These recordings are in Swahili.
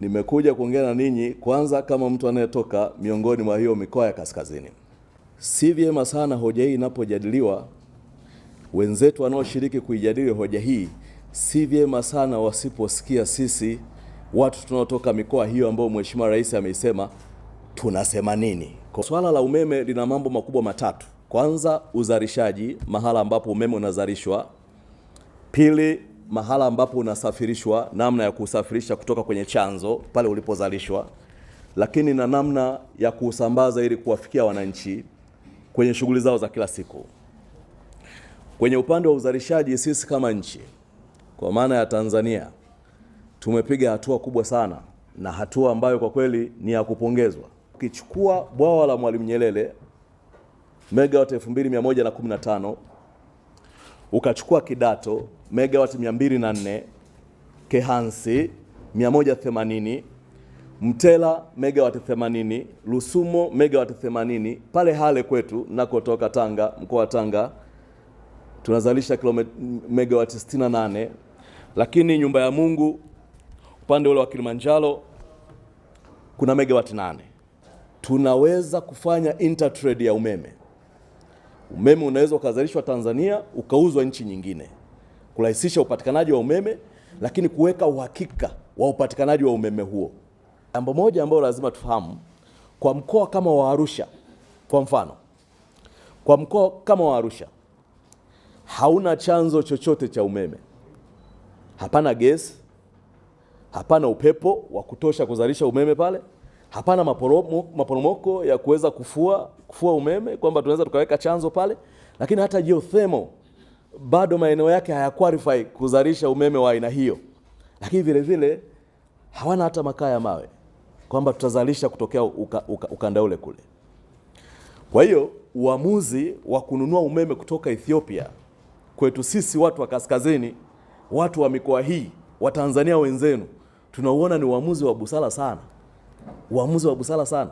nimekuja kuongea na ninyi kwanza kama mtu anayetoka miongoni mwa hiyo mikoa ya kaskazini. Si vyema sana hoja hii inapojadiliwa, wenzetu wanaoshiriki kuijadili hoja hii, si vyema sana wasiposikia sisi watu tunaotoka mikoa hiyo ambayo Mheshimiwa Rais ameisema, tunasema nini? Kwa swala la umeme lina mambo makubwa matatu. Kwanza, uzalishaji, mahala ambapo umeme unazalishwa; pili mahala ambapo unasafirishwa, namna ya kusafirisha kutoka kwenye chanzo pale ulipozalishwa, lakini na namna ya kuusambaza ili kuwafikia wananchi kwenye shughuli zao za kila siku. Kwenye upande wa uzalishaji, sisi kama nchi kwa maana ya Tanzania tumepiga hatua kubwa sana, na hatua ambayo kwa kweli ni ya kupongezwa. Ukichukua bwawa la Mwalimu Nyerere megawati 2115 ukachukua Kidato megawati 204, Kehansi 180, Mtela megawati 80, Lusumo megawati 80. Pale Hale kwetu nakotoka Tanga, mkoa wa Tanga tunazalisha megawati 68, lakini nyumba ya Mungu upande ule wa Kilimanjaro kuna megawati 8. Tunaweza kufanya intertrade ya umeme. Umeme unaweza ukazalishwa Tanzania ukauzwa nchi nyingine kurahisisha upatikanaji wa umeme, lakini kuweka uhakika wa upatikanaji wa umeme huo. Jambo moja ambayo lazima tufahamu kwa mkoa kama wa Arusha, kwa mfano, kwa mkoa kama wa Arusha hauna chanzo chochote cha umeme, hapana gesi, hapana upepo wa kutosha kuzalisha umeme pale, hapana maporomoko ya kuweza kufua kufua umeme kwamba tunaweza tukaweka chanzo pale, lakini hata geothermal bado maeneo yake hayaqualify kuzalisha umeme wa aina hiyo, lakini vile vile hawana hata makaa ya mawe kwamba tutazalisha kutokea uka, uka, ukanda ule kule. Kwa hiyo uamuzi wa kununua umeme kutoka Ethiopia kwetu sisi watu wa kaskazini, watu wa mikoa hii, Watanzania wenzenu, tunauona ni uamuzi wa busara sana, uamuzi wa busara sana,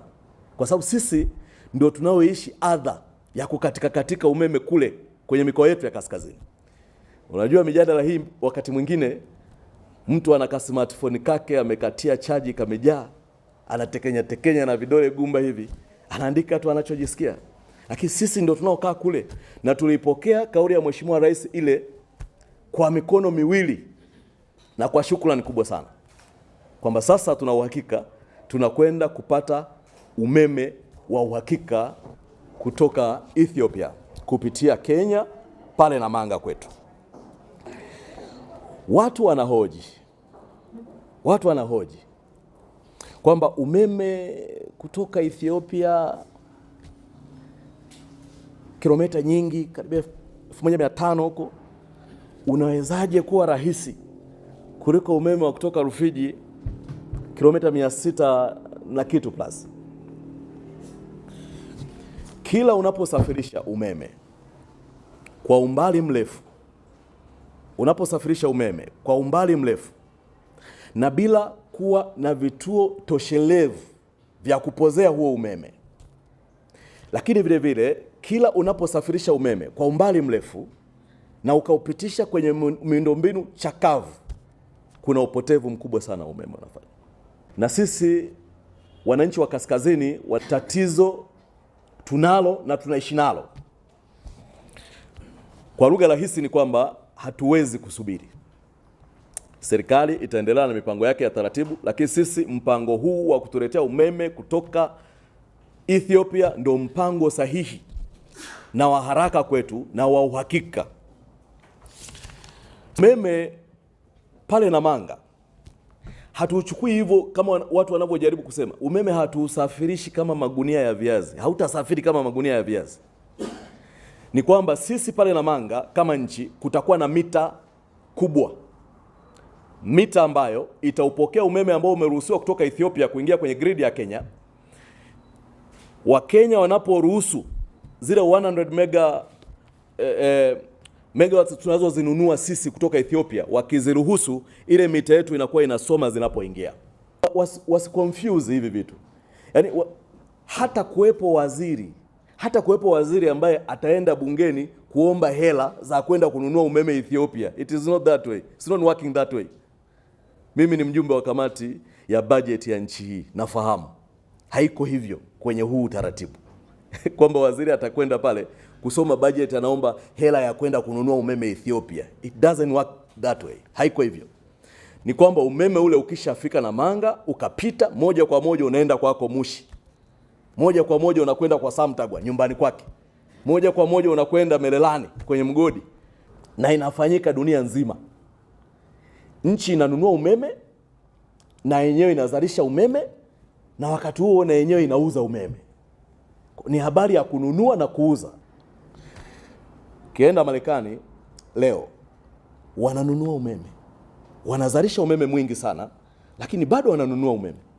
kwa sababu sisi ndio tunaoishi adha ya kukatika katika umeme kule kwenye mikoa yetu ya kaskazini. Unajua, mijadala hii wakati mwingine mtu ana smartphone kake amekatia chaji kamejaa, anatekenya tekenya na vidole gumba hivi, anaandika tu anachojisikia, lakini sisi ndio tunaokaa kule na tulipokea kauli ya Mheshimiwa Rais ile kwa mikono miwili na kwa shukrani kubwa sana kwamba sasa tuna uhakika tunakwenda kupata umeme wa uhakika kutoka Ethiopia kupitia Kenya pale Namanga kwetu. Watu wanahoji, watu wanahoji kwamba umeme kutoka Ethiopia kilomita nyingi karibia 1500 huko unawezaje kuwa rahisi kuliko umeme wa kutoka Rufiji kilomita 600 na kitu plus. Kila unaposafirisha umeme kwa umbali mrefu, unaposafirisha umeme kwa umbali mrefu na bila kuwa na vituo toshelevu vya kupozea huo umeme, lakini vile vile kila unaposafirisha umeme kwa umbali mrefu na ukaupitisha kwenye miundombinu chakavu, kuna upotevu mkubwa sana umeme unafanya. Na sisi wananchi wa kaskazini wa tatizo tunalo na tunaishi nalo. Kwa lugha rahisi ni kwamba hatuwezi kusubiri. Serikali itaendelea na mipango yake ya taratibu, lakini sisi mpango huu wa kutuletea umeme kutoka Ethiopia ndio mpango sahihi na wa haraka kwetu na wa uhakika. Umeme pale Namanga hatuchukui hivyo kama watu wanavyojaribu kusema. Umeme hatuusafirishi kama magunia ya viazi, hautasafiri kama magunia ya viazi. Ni kwamba sisi pale Namanga kama nchi kutakuwa na mita kubwa, mita ambayo itaupokea umeme ambao umeruhusiwa kutoka Ethiopia kuingia kwenye gridi ya Kenya. Wakenya wanaporuhusu zile 100 mega eh, eh, megawatts tunazozinunua sisi kutoka Ethiopia, wakiziruhusu ile mita yetu inakuwa inasoma zinapoingia. Wasikonfuse hivi vitu yani, wa, hata kuwepo waziri hata kuwepo waziri ambaye ataenda bungeni kuomba hela za kwenda kununua umeme Ethiopia. It is not that way. It's not working that way. Mimi ni mjumbe wa kamati ya bajeti ya nchi hii, nafahamu haiko hivyo kwenye huu utaratibu. kwamba waziri atakwenda pale kusoma bajeti, anaomba hela ya kwenda kununua umeme Ethiopia. It doesn't work that way, haiko hivyo. Ni kwamba umeme ule ukishafika na manga ukapita moja kwa moja unaenda kwako Mushi, moja kwa moja unakwenda kwa Samtagwa nyumbani kwake, moja kwa moja unakwenda Melelani kwenye mgodi, na inafanyika dunia nzima. Nchi inanunua umeme na yenyewe inazalisha umeme na wakati huo na yenyewe inauza umeme ni habari ya kununua na kuuza. Ukienda Marekani leo wananunua umeme, wanazalisha umeme mwingi sana, lakini bado wananunua umeme.